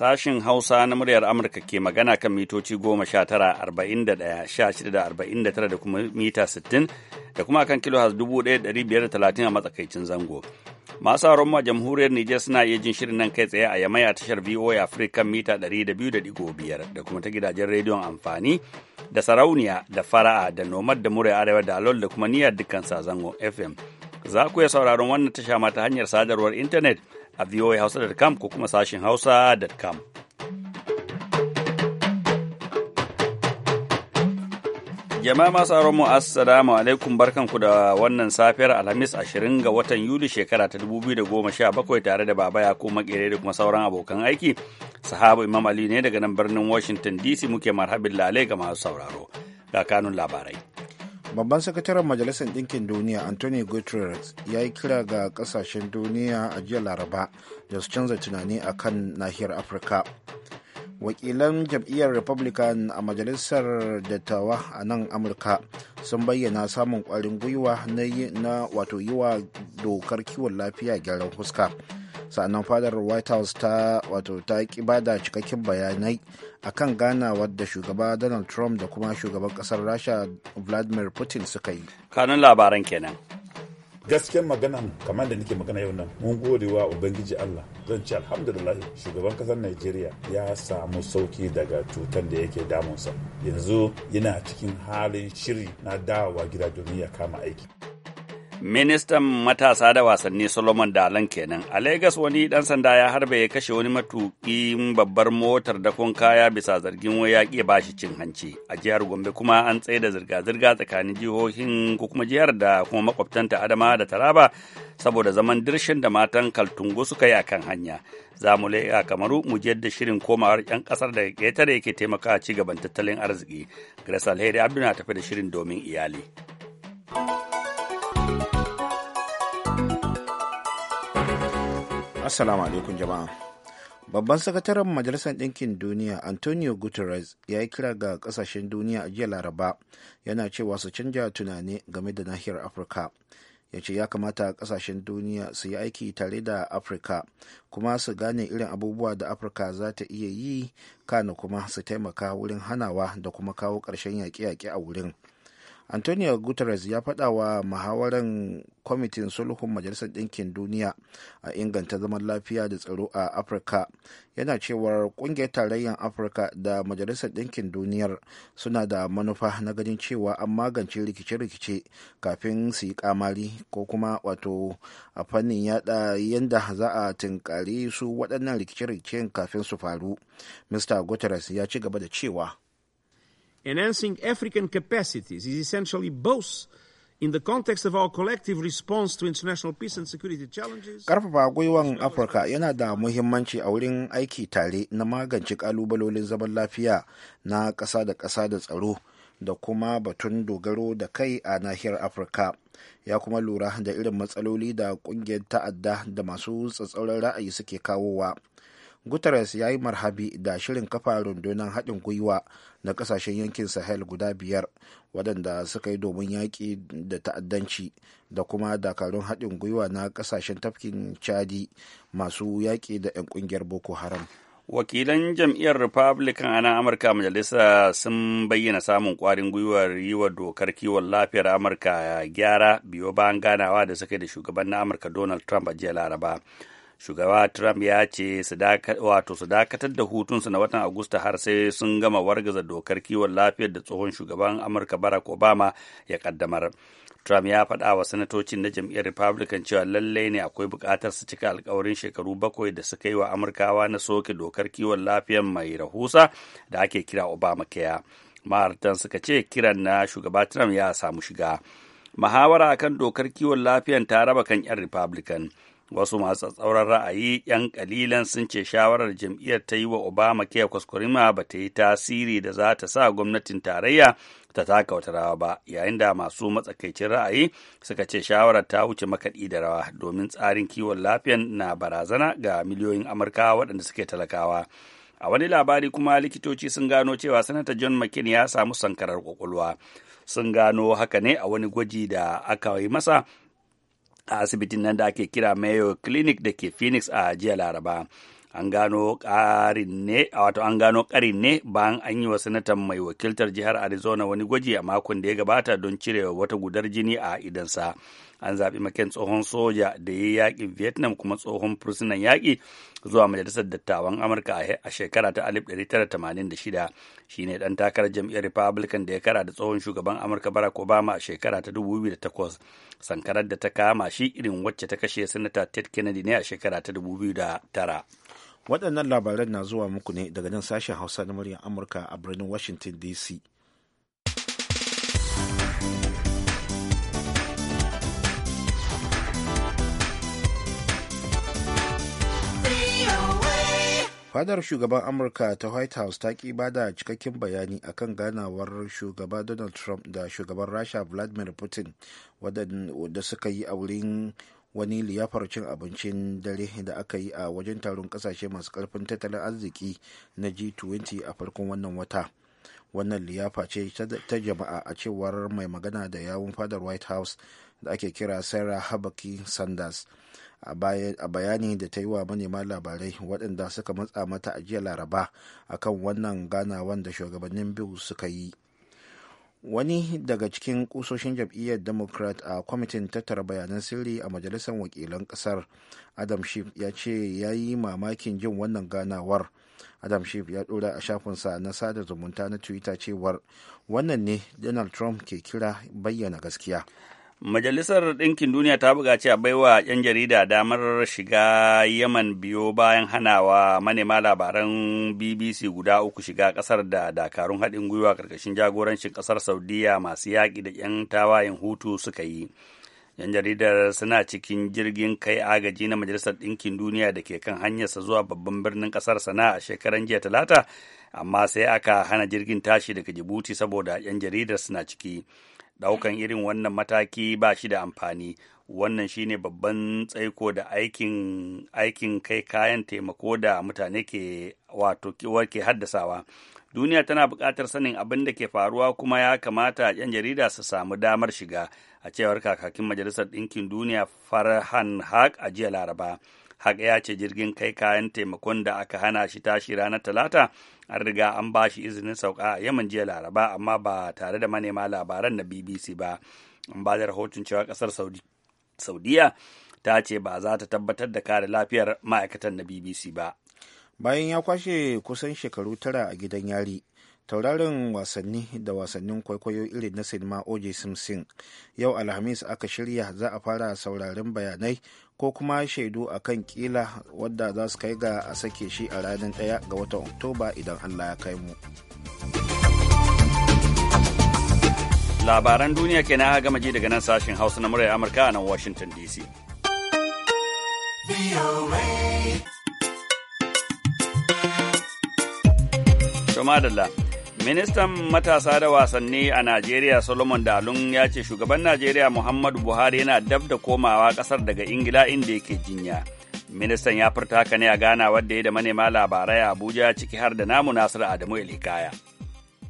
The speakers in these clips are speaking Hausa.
Sashin Hausa na muryar Amurka ke magana kan mitoci goma sha tara arba'in da kuma mita sittin da kuma kan kilo 1530 a matsakaicin zango. Masu haron ma jamhuriyar Nijar suna iya jin shirin nan kai tsaye a yamai a tashar VOA Africa mita ɗari da kuma ta gidajen rediyon amfani da sarauniya da fara'a da nomad da muryar arewa da alol da kuma niyyar dukkan sa zango FM. Za ku iya sauraron wannan tasha ma ta hanyar sadarwar intanet a voahausa.com ko kuma sashen hausa.com. Jama'a masu aron mu assalamu alaikum barkanku da wannan safiyar Alhamis 20 ga watan Yuli shekara ta dubu biyu da goma sha bakwai tare da Baba ya kuma makere da kuma sauran abokan aiki. Sahabu Imam Ali ne daga nan birnin Washington DC muke marhabin lalai ga masu sauraro. Ga kanun labarai. babban sakataren majalisar ɗinkin duniya anthony guterres ya yi kira ga ƙasashen duniya a jiya laraba da su canza tunani a kan nahiyar afirka wakilan jam'iyyar republican a majalisar dattawa a nan amurka sun bayyana samun kwarin gwiwa na wato yi wa dokar kiwon lafiya gyaran fuska sannan fadar white house ta wato ta ki bada cikakken bayanai akan ganawar da shugaba donald trump da kuma shugaban kasar rasha vladimir putin suka yi kanun labaran kenan gaskiyar magana kamar da nake magana yau nan mun gode wa ubangiji Allah zan ce alhamdulillah shugaban kasar nigeria ya samu sauki daga cutar da yake damunsa yanzu yana cikin halin shiri na dawowa gida domin ya kama aiki Ministan matasa da wasanni Solomon Dalan kenan. A Legas wani dan sanda ya harbe ya kashe wani matuƙin babbar motar dakon kaya bisa zargin wai ya ƙi bashi cin hanci. A jihar Gombe kuma an tsaida zirga-zirga tsakanin jihohin ko kuma jihar da kuma makwabtanta Adama da Taraba saboda zaman dirshin da matan Kaltungo suka yi kan hanya. Za mu leƙa kamaru mu je da shirin komawar 'yan ƙasar da ƙetare yake taimaka ci gaban tattalin arziki. Grace Alheri Abdu na tafi da shirin domin iyali. Assalamu alaikum jama'a. Babban sakataren Majalisar Ɗinkin Duniya Antonio Guterres ya yi kira ga ƙasashen duniya a jiya Laraba yana cewa su canja tunani game da nahiyar Afirka. Ya ce ya kamata ƙasashen duniya su yi aiki tare da Afirka kuma su gane irin abubuwa da Afirka za ta iya yi kana kuma su taimaka wurin hanawa da kuma kawo ƙarshen yaƙe-yaƙe a wurin. antonio guterres ya faɗa wa muhawaran kwamitin sulhun majalisar ɗinkin duniya a inganta zaman lafiya da tsaro a afirka yana cewar ƙungiyar tarayyar afirka da majalisar ɗinkin duniyar suna da manufa na ganin cewa an magance rikice-rikice kafin su yi kamari ko kuma wato a fannin yada yadda za a tunkari su waɗannan rikice-rikicen kafin su faru mr guterres ya ci gaba da cewa Enhancing African capacities is essentially both in the context of our collective response to international peace and security challenges. Karfafa gwiwan Afirka yana da muhimmanci a wurin aiki tare na magance kalubalolin zaman lafiya na ƙasa da ƙasa da tsaro da kuma batun dogaro da kai a nahiyar Afirka. Ya kuma lura da irin matsaloli da ƙungiyar ta'adda da masu tsatsauran ra'ayi suke kawowa. guterres ya yi marhabi da shirin kafa rundunar haɗin gwiwa na ƙasashen yankin sahel guda biyar waɗanda suka yi domin yaƙi da ta'addanci da kuma dakarun haɗin gwiwa na ƙasashen tafkin chadi masu yaƙi da 'yan ƙungiyar boko haram wakilan jam'iyyar republican a nan amurka majalisa sun bayyana samun kwarin gwiwar yi wa dokar kiwon lafiyar amurka gyara biyo bayan ganawa da suka da shugaban na amurka donald trump a jiya laraba shugaba trump ya ce wato su dakatar da hutunsu na watan agusta har sai sun gama wargaza dokar kiwon lafiyar da tsohon shugaban amurka barack obama ya kaddamar Trump ya faɗa wa sanatocin na jam'iyyar Republican cewa lallai ne akwai buƙatar su cika alkawarin shekaru bakwai da suka yi wa Amurkawa na soke dokar kiwon lafiyar mai rahusa da ake kira Obamacare. Ma'artan suka ce kiran na shugaba Trump ya samu shiga. Muhawara akan dokar kiwon lafiyar ta raba kan 'yan Republican. wasu masu tsauran ra'ayi 'yan kalilan sun ce shawarar jam'iyyar ta yi wa obama ke kuskurima ba ta yi tasiri da za ta sa gwamnatin tarayya ta taka wata rawa ba yayin da masu matsakaicin ra'ayi suka ce shawarar ta wuce makaɗi da rawa domin tsarin kiwon lafiyan na barazana ga miliyoyin amurkawa waɗanda suke talakawa a wani labari kuma likitoci sun gano cewa sanata john mckin ya samu sankarar kwakwalwa sun gano haka ne a wani gwaji da aka yi masa a asibitin nan da ake kira mayo clinic da ke phoenix a jiya laraba an gano ƙarin ne an gano karin ne bayan an yi wa sanatan mai wakiltar jihar arizona wani gwaji a makon da ya gabata don cire wata gudar jini a idansa an zaɓi makin tsohon soja da ya yi yaƙin vietnam kuma tsohon fursunan yaƙi zuwa majalisar dattawan amurka a shekara ta 1986 ne ɗan takarar jam'iyyar republican da ya kara da tsohon shugaban amurka barack obama a shekara ta 2008 sankarar da ta kama shi irin wacce ta kashe sanata ted kennedy ne a shekara ta 2009 waɗannan labaran na zuwa muku ne daga nan sashen hausa na muryar amurka a birnin washington dc fadar shugaban amurka ta white house ta ki bada cikakken bayani akan ganawar shugaba donald trump da shugaban rasha vladimir putin wadanda suka yi a wurin wani liyafar cin abincin dare da aka yi a wajen taron kasashe masu karfin tattalin arziki na g20 a farkon wannan wata wannan liyafa ce ta jama'a a cewar mai magana da yawun fadar white house da ake kira sarah habaki sanders a bayani da ta yi wa manema labarai waɗanda suka matsa mata a jiya laraba a kan wannan ganawan da shugabannin biyu suka yi wani daga cikin kusoshin jam'iyyar democrat a kwamitin tattara bayanan sirri a majalisar wakilan kasar adam shif ya ce ya yi mamakin jin wannan ganawar adam shif ya ɗora a shafinsa na sada zumunta na twitter cewar wannan ne donald trump ke kira bayyana gaskiya Majalisar Ɗinkin Duniya ta buƙaci a baiwa 'yan jarida damar shiga Yaman biyo bayan hanawa manema labaran BBC guda uku shiga ƙasar da dakarun haɗin gwiwa ƙarƙashin jagorancin ƙasar Saudiya masu yaƙi da 'yan tawayen hutu suka yi. 'Yan jaridar suna cikin jirgin kai agaji na Majalisar Ɗinkin Duniya da ke kan hanyarsa zuwa babban birnin ƙasar Sana'a shekaran jiya Talata, amma sai aka hana jirgin tashi daga Jibuti saboda 'yan jaridar suna ciki. daukan irin wannan mataki ba shi da amfani wannan shine babban tsaiko da aikin aikin kai kayan taimako da mutane ke wato ke haddasawa duniya tana bukatar sanin abin da ke faruwa kuma ya kamata 'yan jarida su samu damar shiga a cewar kakakin majalisar ɗinkin duniya farhan haq a jiya laraba Haka ya ce jirgin kai kayan taimakon da aka hana shi tashi ranar Talata an riga an ba shi izinin sauka a Yaman jiya Laraba amma ba tare da manema labaran na BBC ba. An ba da rahoton cewa ƙasar Saudiya ta ce ba za ta tabbatar da kare lafiyar ma'aikatan na BBC ba. Bayan ya kwashe kusan shekaru tara a gidan yari, taurarin wasanni da wasannin kwaikwayo irin na sinima oj simpson yau alhamis aka shirya za a fara sauraron bayanai ko kuma shaidu a kan kila wadda za su kai ga a sake shi a ranar ɗaya ga watan oktoba idan allah ya kai mu labaran duniya kenan ha gama ji daga nan sashen hausa na murya amurka a nan washington dc Shamadalla. Ministan matasa da wasanni a Najeriya Solomon Dalun ya ce shugaban Najeriya Muhammadu Buhari yana dab da komawa kasar daga Ingila inda yake jinya. Ministan ya furta haka ne a gana wadda ya da manema labarai a Abuja ciki har da namu Nasiru Adamu Ilikaya.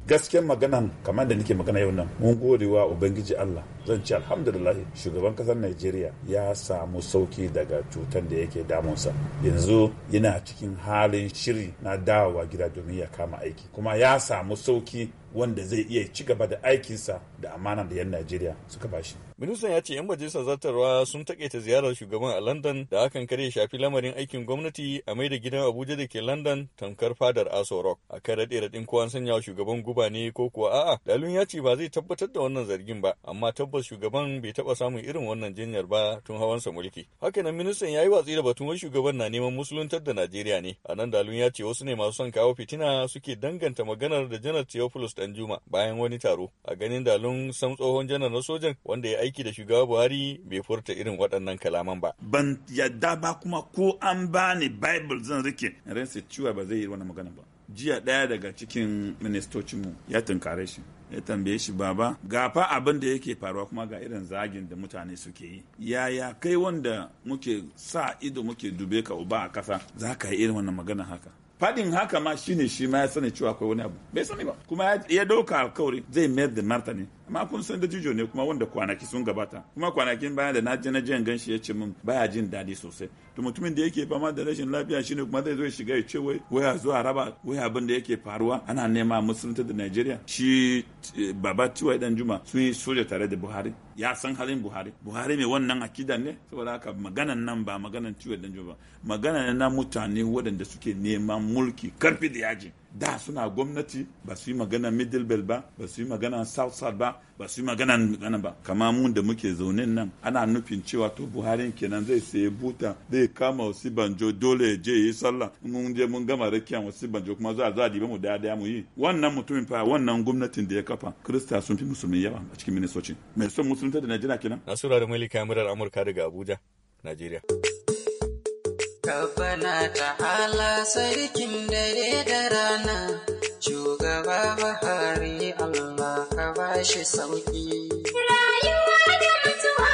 Gaskiyar magana kamar da nake magana yau nan mun gode wa Ubangiji Allah zan ce alhamdulillah shugaban kasar najeriya ya samu sauki daga cutar da yake damunsa yanzu yana cikin halin shiri na dawowa gida domin ya kama aiki kuma ya samu sauki wanda zai iya ci gaba da aikinsa da amana da 'yan Najeriya suka bashi. Ministan ya ce 'yan majalisar zartarwa sun taƙaita ziyarar shugaban a London da hakan kare shafi lamarin aikin gwamnati a mai da gidan Abuja da ke London tamkar fadar Aso Rock. A kan raɗe raɗin kowa sanya shugaban guba ne ko kuwa a'a. Dalun ya ce ba zai tabbatar da wannan zargin ba amma tabbas tabbas shugaban bai taɓa samun irin wannan jinyar ba tun hawansa mulki. Hakanan ministan ya yi watsi da batun wai shugaban na neman musuluntar da Najeriya ne. A nan dalun ya ce wasu ne masu son kawo fitina suke danganta maganar da janar Theophilus Danjuma bayan wani taro. A ganin dalun san tsohon janar na sojan wanda ya aiki da shugaba Buhari bai furta irin waɗannan kalaman ba. Ban yadda ba kuma ko an ba ni Bible zan rike. Ransa ciwa ba zai yi wannan magana ba. Jiya ɗaya daga cikin ministocinmu ya tunkare shi. ya tambaye shi baba gafa abin da yake faruwa kuma ga irin zagin da mutane suke yi yaya kai wanda muke sa ido muke dube ka uba a kasa za ka yi irin wannan magana haka fadin haka ma shine shi ma ya sani cewa akwai wani abu bai sani ba kuma ya dauka alkawari zai mayar da martani amma kun san jijo ne kuma wanda kwanaki sun gabata kuma kwanakin baya da na je na gan shi ya ce min baya jin daɗi sosai to mutumin da yake fama da rashin lafiya shine kuma zai zo ya shiga ya ce wai waya zuwa raba waya abin da yake faruwa ana nema musulunta da Najeriya shi eh, baba Tiwai dan Juma sun yi soja tare da Buhari ya san halin Buhari Buhari mai wannan akida ne saboda haka maganan nan ba maganan Tiwai dan Juma ba maganan na mutane waɗanda suke neman mulki karfi da yaji da suna gwamnati ba su yi magana middle belt ba ba su yi magana south south ba ba su yi magana magana ba kama mun da muke zaune nan ana nufin cewa to buhari kenan zai saya buta zai kama wasu banjo dole ya je yi sallah mun je mun gama rakiya wasu banjo kuma za a za a dibe mu daya daya mu yi wannan mutumin fa wannan gwamnatin da ya kafa krista sun fi musulmi yawa a cikin minisocin mai son musulunta da najeriya kenan nasura da malika murar amurka daga abuja najeriya na ta hala sarkin dare da rana shugaba bahari Allah ka bashi sauƙi. rayuwa da mutuwa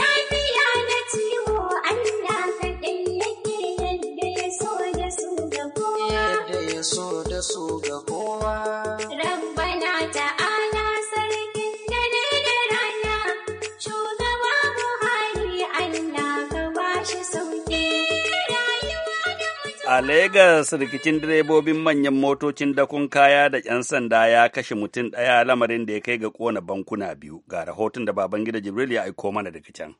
lafiya na ciwo Allah kaɗai yake yadda ya so da su ga kowa yadda ya so da su ga kowa A Legas rikicin direbobin manyan motocin dakon kaya da 'yan sanda ya kashe mutum ɗaya lamarin da ya kai ga kona bankuna biyu ga rahoton da Babangida Jibril ya aiko mana daga can.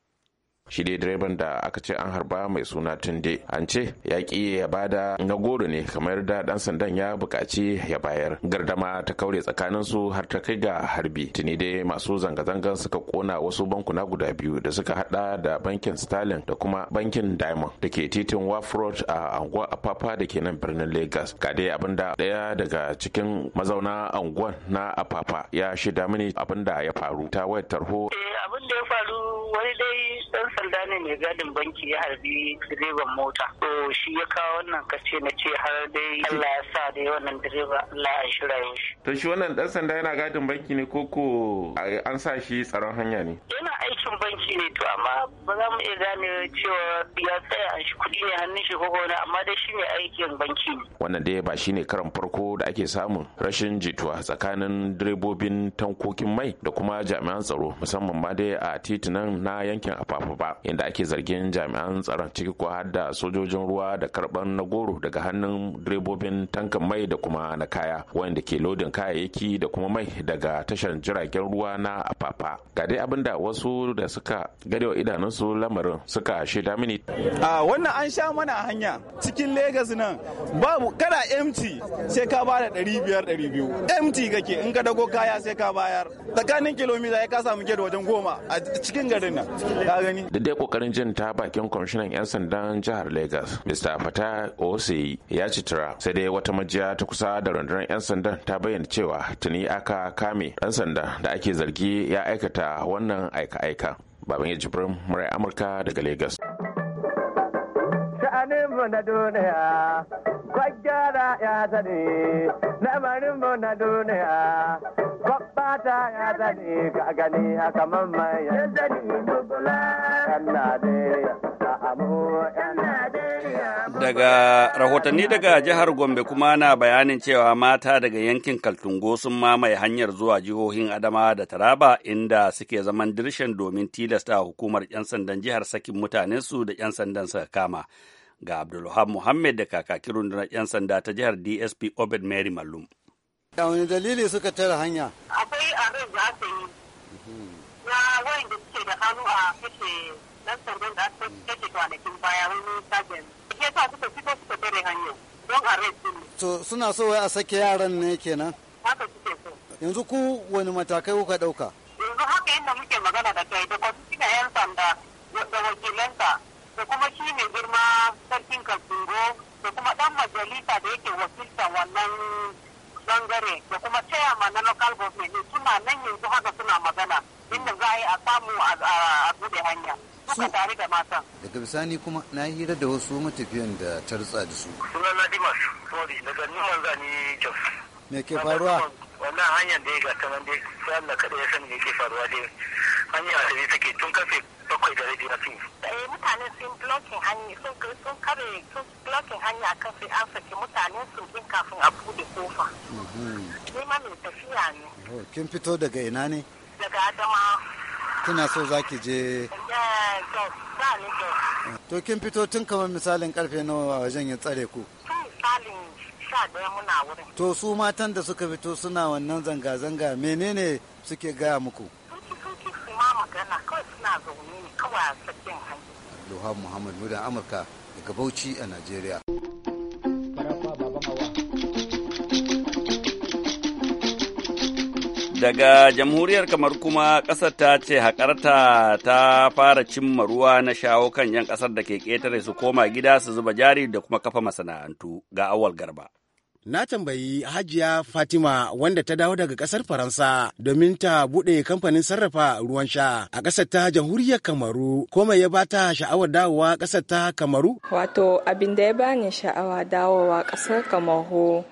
shi dai direban da aka ce an harba mai suna tunde an ce ya ki ya bada na goro ne kamar da dan sandan ya buƙaci ya bayar gardama ta kaure tsakanin su har ta kai ga harbi tuni dai masu zanga-zangan suka kona wasu bankuna guda biyu da suka hada da bankin stalin da kuma bankin diamond da ke titin wharf road a anguwa apapa da ke nan birnin lagos ga dai da daya daga cikin mazauna anguwan na apapa ya shida mini abin da ya faru ta wayar tarho eh, abin ya faru wani dai sanda ne mai gadin banki ya harbi direban mota to shi ya kawo wannan kace na ce har dai Allah ya sa dai wannan direba Allah ya shira shi to shi wannan dan sanda yana gadin banki ne ko eh, an sa shi tsaron hanya ne yana aikin banki ne to amma ba za mu iya gane cewa ya tsaya an shi kuɗi ne hannun shi ko wani amma dai shi aikin banki ne wannan dai ba shine karan farko da ake samun rashin jituwa tsakanin direbobin tankokin mai da kuma jami'an tsaro musamman ma dai a titunan na yankin afafa ba inda ake zargin jami'an tsaron ciki ko hadda da sojojin ruwa da karban na goro daga hannun direbobin tankan mai da kuma na kaya wanda ke lodin kayayyaki da kuma mai daga tashar jiragen ruwa na afafa ga dai abin da wasu da suka wa idanunsu lamarin suka shaida mini a wannan an sha mana hanya cikin legas nan babu kada empty sai ka bada da 500 empty kake in ka dago kaya sai ka bayar tsakanin kilomita ya ka samu da wajen goma a cikin garin nan ka gani duk dai kokarin jin ta bakin kwamishinan 'yan sandan jihar lagos mr fata ya ci tura sai dai wata majiya ta kusa da rundunar 'yan sandan ta bayyana cewa tuni aka kame ɗan sanda da ake zargi ya aikata wannan aika-aika baban jibrin amurka daga lagos sha'aninmu na duniya ya zane haka ya Daga rahotanni daga jihar Gombe kuma na bayanin cewa mata daga yankin Kaltungo sun mamaye hanyar zuwa jihohin Adama da Taraba inda suke zaman dirshan domin tilasta hukumar 'yan sandan jihar sakin mutanensu da 'yan sandan suka kama. Ga Abdulwahab Muhammad da kakakin rundunar 'yan sanda ta jihar DSP Obed Mary Mallum. Da wani dalili suka tara hanya? Akwai abin za su yi na da suke da hannu a kashe dan sandan da aka kashe kwanakin baya wani sajen ke sa suka fito suka tare hanyar don a rai to suna so wai a sake yaran ne kenan haka suke so yanzu ku wani matakai kuka dauka yanzu haka inda muke magana da kai da kwamitina yan sanda da wakilanta da kuma shi ne girma sarkin kasungo da kuma dan majalisa da yake wakilta wannan bangare da kuma ma na local government suna nan yanzu haka suna magana inda za a yi a samu a bude hanya suka tare da matan daga bisani kuma na hira da wasu matafiyan da ta rutsa da su sunana dimas sorry daga Niman zani jos me ke faruwa wannan hanyar da ya gata nan dai sai na kada ya sani me ke faruwa dai Hanyar da take tun kafe bakwai da rabi na sun eh mutane sun blocking hanya sun sun kare sun blocking hanya kan sai an saki mutane su din kafin a bude kofa mhm. ni ma mai tafiya ne kin fito daga ina ne daga adama kina so za ki je eh, to kin fito tun kamar misalin karfe nawa wajen ya tsare ku to su matan da suka fito suna wannan zanga-zanga menene suke gaya muku Luhan Muhammad Mudan Amurka daga Bauchi a Najeriya. daga jamhuriyar kamar kuma ƙasar ta ce haƙarta ta fara cimma ruwa na shawo kan 'yan ƙasar da ke ƙetare su koma gida su zuba jari da kuma kafa masana'antu ga awal garba Na tambayi Hajiya Fatima wanda ta dawo daga ƙasar Faransa domin ta buɗe kamfanin sarrafa ruwan sha a ƙasar ta jamhuriyar Kamaru. Kome ya ba ta sha'awar dawowa ƙasar ta Kamaru? Wato abin da ya bani sha'awa dawowa ƙasar Kamaru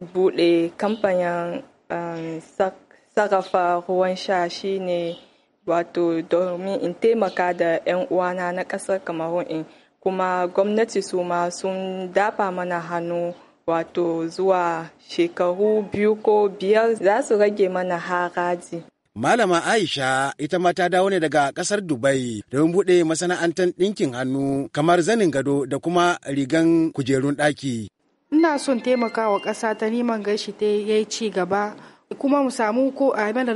buɗe kamfanin um, sarrafa ruwan sha shine wato domin in taimaka da 'yan uwana na ƙasar kamarun in kuma gwamnati su ma sun dafa mana hannu wato zuwa shekaru biyu ko biyar za su rage mana haraji. Malama Aisha ita ma ta dawo ne daga kasar Dubai domin buɗe masana'antar ɗinkin hannu kamar zanin gado da kuma rigan kujerun ɗaki. Ina son taimakawa ƙasa ta neman gashi ta yi ci gaba kuma mu samu ko a mana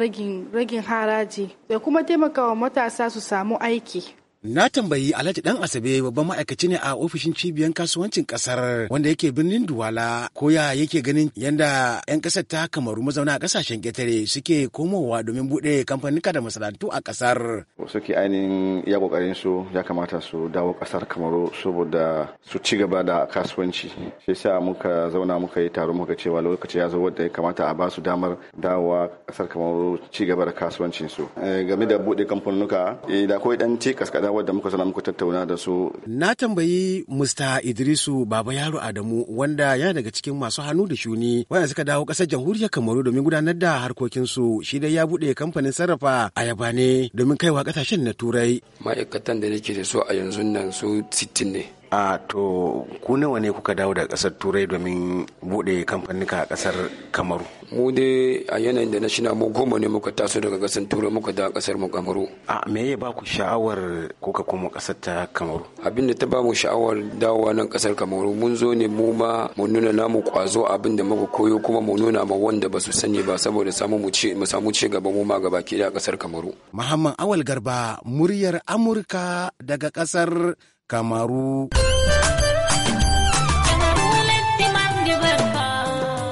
ragin haraji da kuma taimakawa matasa su samu aiki Na tambayi Alhaji Dan Asabe babban ma'aikaci ne a ofishin cibiyar kasuwancin kasar wanda yake birnin Duwala ko ya yake ganin yanda 'yan kasar ta kamaru mazauna kasashen ƙetare suke komowa domin buɗe kamfanika da masana'antu a kasar. Suke ainihin iya ƙoƙarin su ya kamata su dawo kasar kamaru saboda su ci gaba da kasuwanci. Shi sa muka zauna muka yi taro muka cewa lokaci ya zo wanda ya kamata a ba su damar dawowa kasar kamaru ci gaba da kasuwancin su. Eh, game da buɗe kamfanuka eh, da ko ɗan cikas kaskada mata da muka sana muka tattauna da su. Na tambayi Mr. Idrisu Baba Yaro Adamu wanda yana daga cikin masu hannu da shuni wanda suka dawo ƙasar jamhuriyar Kamaru domin gudanar da harkokinsu shi dai ya buɗe kamfanin sarrafa ayaba ne domin kaiwa ƙasashen na Turai. Ma'aikatan da nake da su a yanzu nan su sittin ne. a to ku nawa ne kuka dawo da kasar turai domin bude kamfanika a kasar kamaru mu dai a yanayin da na shina mu goma ne muka taso daga kasar turai muka dawo kasar mu kamaru a me ya ba ku sha'awar kuka kuma kasar ta kamaru abin da ta ba mu sha'awar dawowa nan kasar kamaru mun zo ne mu ma mu nuna namu kwazo abin da muka koyo kuma mu nuna ma wanda ba su sani ba saboda samu mu ce mu samu ci gaba mu ma gaba ke da kasar kamaru muhammad awal garba muryar amurka daga kasar kamaru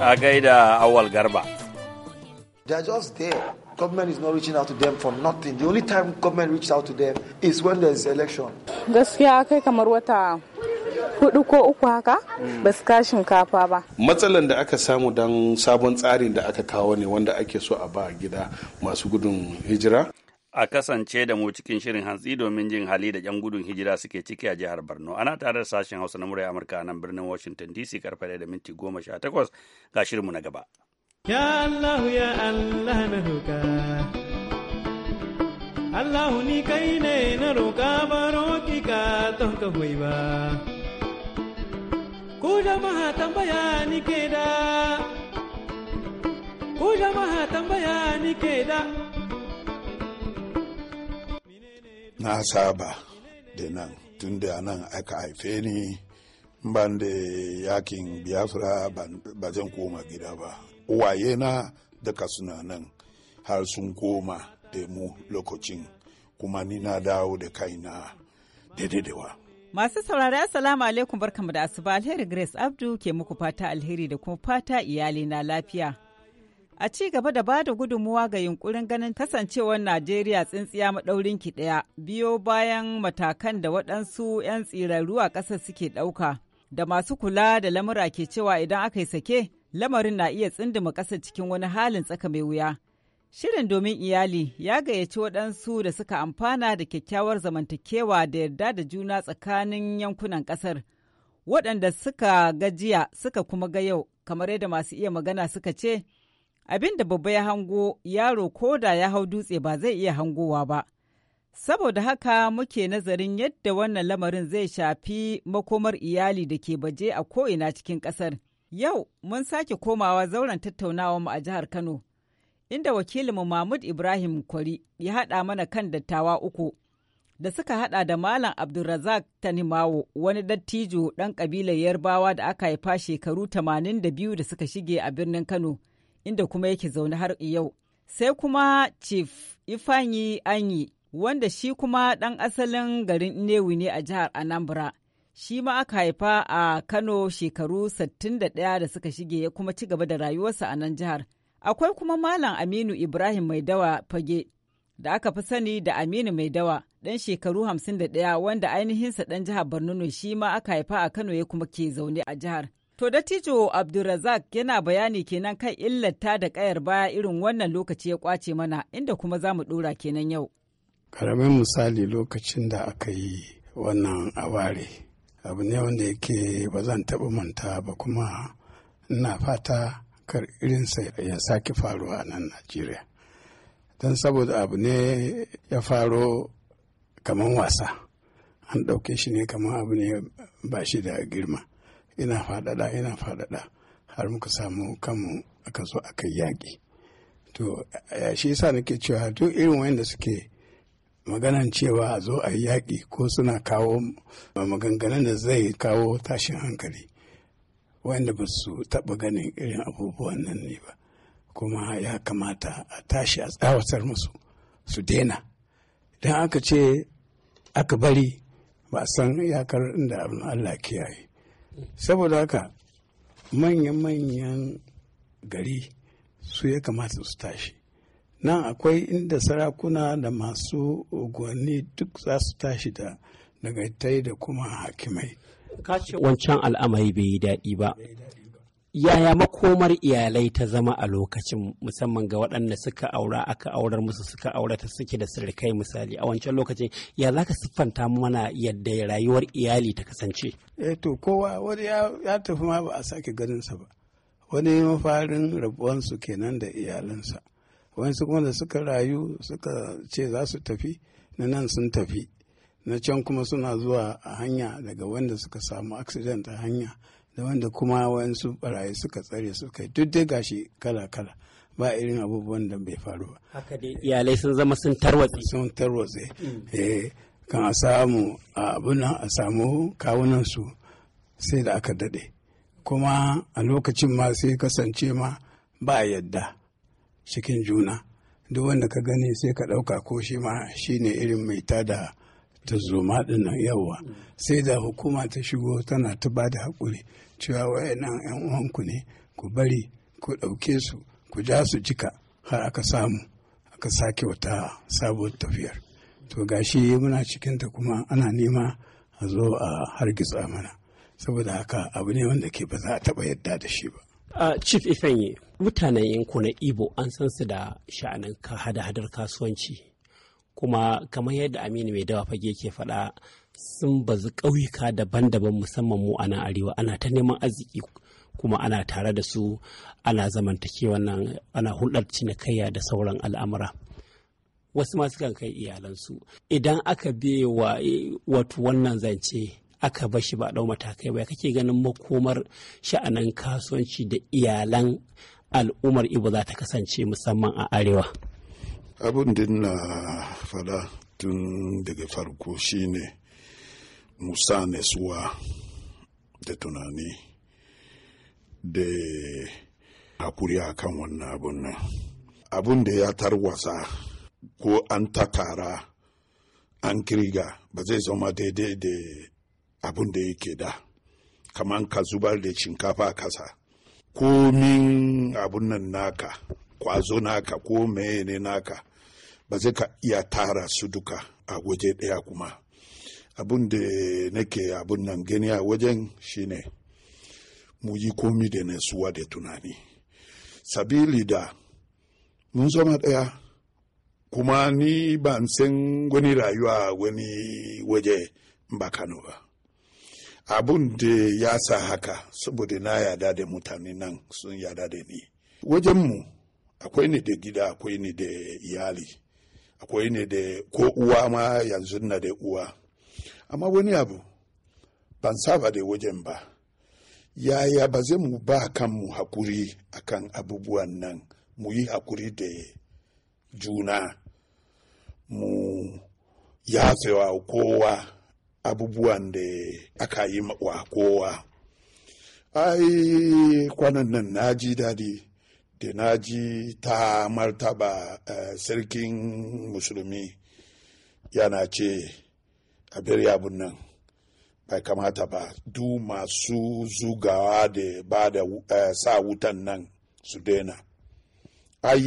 a gaida awal garba they are just there government is not reaching out to them for nothing the only time government reaches out to them is when there is election gaskiya kai kamar wata hudu ko uku haka hmm. ba su ka shinkafa ba. Matsalan da aka samu don sabon tsarin da aka kawo ne wanda ake so a ba gida masu gudun hijira a kasance da mu cikin shirin hantsi domin jin hali da 'yan gudun hijira suke ciki a jihar Borno. Ana tare da sashen Hausa na murai Amurka a nan birnin Washington DC karfe da minti goma sha takwas ga shirinmu na gaba. Ya Allah ya Allah na roƙa. Allah ni kai ne na roƙa ba roƙi ka ton ka ba. Ku jama'a tambaya ni ke da. Ku jama'a tambaya ni ke da. na saba da nan tun da nan aka haife ni ban da yakin biafra ba zan koma gida ba uwaye na daga suna nan har sun koma da mu lokacin kuma ni na dawo da kaina wa. Masu saurari Assalamu alaikum barkamu da asuba alheri Grace Abdu ke muku fata alheri da kuma fata iyali na lafiya. A ci gaba da bada gudunmuwa ga yunkurin ganin kasancewar Najeriya tsintsiya maɗaurin ki ɗaya biyo bayan matakan da waɗansu 'yan tsirarru a ƙasar suke ɗauka. Da masu kula da lamura ke cewa idan aka yi sake, lamarin na iya tsindima ƙasar cikin wani halin tsaka mai wuya. Shirin domin iyali ya gayyaci waɗansu da suka amfana da kyakkyawar zamantakewa da yarda da juna tsakanin yankunan ƙasar. Waɗanda suka gajiya suka kuma ga yau, kamar yadda masu iya magana suka ce, abin da babba ya hango yaro ko da ya hau dutse ba zai iya hangowa ba. Saboda haka muke nazarin yadda wannan lamarin zai shafi makomar iyali da ke baje a ko'ina cikin ƙasar. Yau mun sake komawa zauren tattaunawa mu a jihar Kano, inda wakilinmu Mahmud Ibrahim Kwari ya haɗa mana kan dattawa uku, da suka haɗa da Malam Abdulrazak Tanimawo, wani dattijo ɗan ƙabilar Yarbawa da aka haifa shekaru 82 da suka shige a birnin Kano. inda kuma yake zaune har yau. Sai kuma Chief Ifanyi Anyi, wanda shi kuma ɗan asalin garin Inewi ne a jihar Anambra. Shi ma aka haifa a Kano shekaru 61 da suka shige ya kuma ci gaba da rayuwarsa a nan jihar. Akwai kuma Malam Aminu Ibrahim Maidawa Fage, da aka fi sani da Aminu mai dawa ɗan shekaru 51 wanda ainihinsa ɗan jihar Borno ne shi ma aka haifa a Kano ya kuma ke zaune a jihar. To dattijo Abdulrazak yana bayani kenan kan illata da kayar baya irin wannan lokaci ya kwace mana inda kuma za mu dora kenan yau. Karamin misali lokacin da aka yi wannan aware abu ne wanda yake ba zan taɓa manta ba kuma ina fata kar irinsa ya sake faruwa a nan Najeriya. Don saboda abu ne ya faro kamar wasa an ɗauke shi ne kamar abu ne ba shi da girma. ina faɗaɗa ina faɗaɗa har muka samu kanmu aka zo aka yaƙi to ya shi yasa nake cewa duk irin wanda suke maganan cewa a zo a yi yaƙi ko suna kawo maganganun da zai kawo tashin hankali wanda ba su taɓa ganin irin abubuwan nan ne ba kuma ya kamata a tashi a tsawatar musu su daina don aka ce aka bari ba san iyakar inda abin allah kiyaye saboda haka manya-manyan gari su ya kamata su tashi nan akwai inda sarakuna da masu unguwanni duk za su tashi da nagartai da kuma hakimai. kace wancan al'amari bai yi daɗi ba yaya makomar iyalai ta zama a lokacin musamman ga waɗanda suka aura aka aurar musu suka aurata suke da sirkai misali a wancan lokacin ya za ka siffanta mana yadda rayuwar iyali ta kasance eh to kowa wani ya tafi ma ba a sake ganinsa ba wani mafarin rabuwansu kenan da iyalansa su kuma da suka rayu suka ce za su tafi na nan sun tafi na can kuma suna zuwa a hanya daga wanda suka samu accident a hanya da wanda kuma wayansu barayi suka tsare suka yi duk dai gashi kala-kala ba irin abubuwan da bai faru ba. Haka dai iyalai sun zama sun tarwatse. Sun tarwatse. Mm. Eh kan a samu a abunan a samu kawunan su sai da aka dade. Kuma a lokacin ma sai kasance ma ba yadda cikin juna. Duk wanda ka gani sai ka ɗauka ko shi ma shine irin mai tada ta zo din nan yawa sai da hukuma ta shigo tana ta ba da haƙuri cewa wayannan 'yan ku ne ku bari ku ɗauke su ku ja su jika har aka samu aka sake wata sabuwar tafiyar to gashi muna cikinta kuma ana nema a zo a hargitsa mana saboda haka abu ne wanda ke ba za a taɓa yadda da shi ba a chief ifenye mutanen yankunan ibo an san su da sha'anin hada-hadar kasuwanci kuma kamar yadda aminu mai dawa fage ke faɗa sun bazu ƙauyuka daban-daban musamman mu a arewa ana ta neman arziki kuma ana tare da su ana zamantakewa nan ana hulɗar cinikayya da sauran al'amura wasu masu kan kai iyalansu idan aka bi wa wato wannan zance aka bar shi ba ɗau matakai ba kake ganin makomar sha'anin kasuwanci da iyalan al'ummar ibo za ta kasance musamman a arewa abin da na fada tun daga farko shine musa nasuwa da tunani da hakuri a kan wannan abin nan abun da ya tarwasa ko an takara an kirga ba zai zama daidai da abin da yake da kamar ka zubar da shinkafa kasa komin abin nan naka kwazo naka ko meye ne naka ba zai ka iya tara su duka a waje ɗaya kuma abun da nake abun nan gani a wajen shine mu yi komi da nasuwa da tunani sabili da mun zama ɗaya kuma ni ban san wani rayuwa wani waje ba kano ba abun da ya sa haka saboda na yada da mutane nan sun yada da ni wajenmu akwai ni da gida akwai ni da iyali akwai ne da ko uwa ma yanzu na da uwa amma wani abu ban saba da wajen ba yaya ba zai mu ba kan mu hakuri akan abubuwan nan mu yi hakuri da juna mu yafewa kowa abubuwan da aka yi wa kowa ai kwanan nan na ji daɗi da na ji ta martaba eh, sarkin musulmi yana ce a birya nan bai kamata ba du masu zugawa da ba da eh, sa wutan nan su daina ai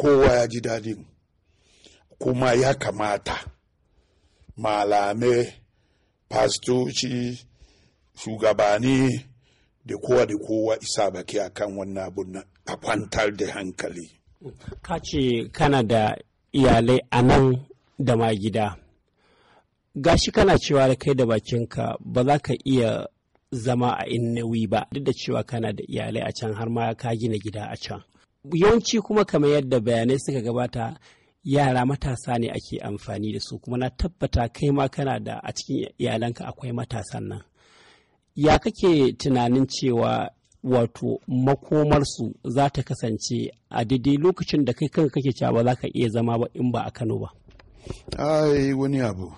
kowa ya ji dadin kuma ya kamata malame pastoci, shugabani da kowa da kowa isa baki a kan wannan abun nan a kwantar da hankali. Ka ce kana da iyalai a nan da ma gida. Gashi kana cewa da kai da bakinka ba za ka iya zama a in ba duk da cewa kana da iyalai a can har ma ka gina gida a can. Yawanci kuma kamar yadda bayanai suka gabata yara matasa ne ake amfani da su kuma na tabbata kai ma kana da a cikin iyalanka akwai matasan nan. Ya kake tunanin cewa wato makomarsu za ta kasance a daidai lokacin da kai kanka kake cewa ba za ka iya zama ba in ba a kano ba ai wani abu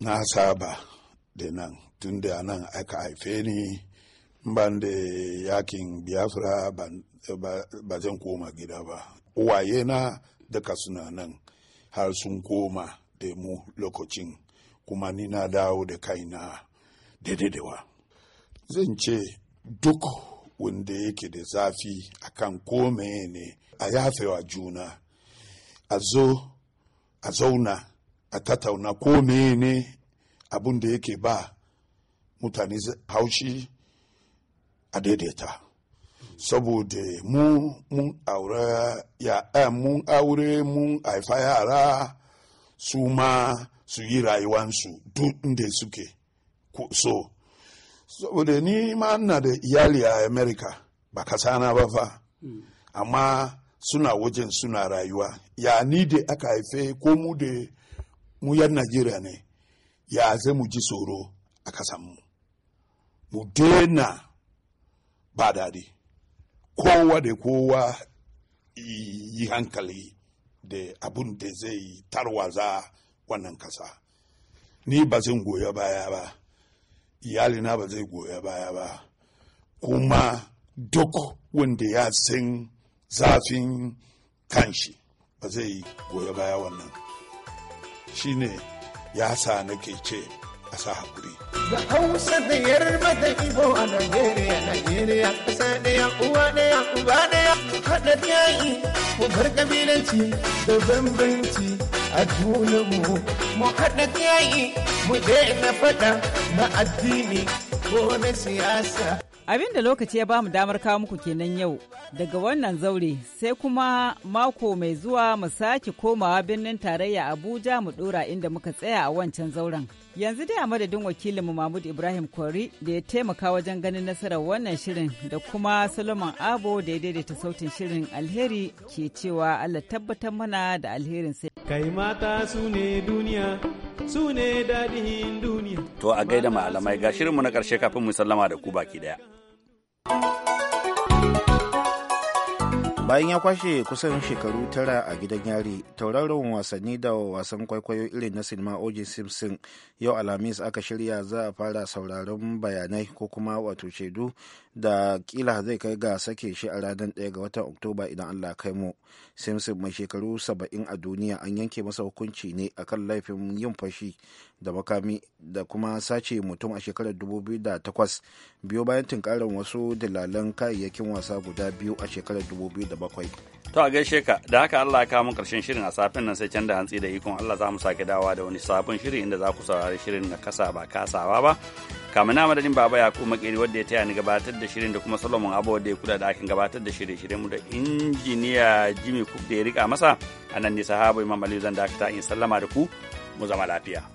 na saba da nan tun da nan aka haife ni ban da yakin biafra ba zan koma gida ba uwaye na daga suna nan har sun koma da mu lokacin kuma ni na dawo da kaina daidaitawa zan ce duk wanda yake da zafi akan ko ne a yafewa juna a zo a zauna a tattauna ko ne abin da yake ba mutane haushi a daidaita saboda mu mun aure ya mun aure mun haifa yara su ma su yi rayuwansu duk inda suke so saboda ni ma ina da iyali a america ba kasana ba fa amma suna wajen suna rayuwa ya ni da aka haife ko mu da mu yan najeriya ne ya zai mu ji tsoro a kasanmu mu daina ba daɗi kowa da kowa yi hankali da abun da zai tarwaza wannan kasa ni ba zan goya baya ba iyalina ba zai goya baya ba kuma duk wanda ya san zafin kanshi ba zai goya baya wannan shine ya sa nake ce a sa haƙuri da hausa da yarba da ibo a nigeria nigeria ƙasa ɗaya uwa ɗaya uba ɗaya haɗa yayi ko bar ƙabilanci da bambanci a junanmu mu haɗa kai mu daina faɗa na addini ko na siyasa Abin da lokaci ya ba mu damar kawo muku kenan yau daga wannan zaure sai kuma mako mai zuwa mu sake komawa birnin tarayya Abuja mu dora inda muka tsaya a wancan zauren. Yanzu dai a madadin wakilinmu Mahmud Ibrahim Kori da ya taimaka wajen ganin nasarar wannan shirin da kuma Solomon Abo da ya daidaita sautin shirin alheri ke cewa Allah tabbatar mana da alherin sai. Kai mata su ne duniya sune ne duniya. To a gaida malamai ga shirinmu na karshe kafin mu sallama da ku baki ɗaya. Bayan ya kwashe kusan shekaru tara a gidan yari, tauraron wasanni da wasan kwaikwayo irin na sinima oji Simpson yau Alhamis aka shirya za a fara sauraron bayanai ko kuma wato shaidu da kila zai kai ga sake shi a ranar 1 ga watan Oktoba idan Allah kai mu. simpson mai shekaru 70 a duniya an yanke masa hukunci ne akan laifin yin fashi da makami da kuma sace mutum a shekarar 2008 biyo bayan tunkarar wasu dalilan kayayyakin wasa guda biyu a shekarar 2007 to a gaishe ka da haka allah ya kawo karshen shirin a safin nan sai can da hantsi da ikon allah za mu sake dawa da wani sabon shiri inda za ku saurari shirin na kasa ba kasawa ba kama na madadin baba ya kuma makeri wadda ya taya ni gabatar da shirin da kuma solomon abu da ya kula da aikin gabatar da shirye shirye mu da injiniya jimmy cook da ya rika masa a nan nisa sahaba imam aliyu zan dakata in sallama da ku mu zama lafiya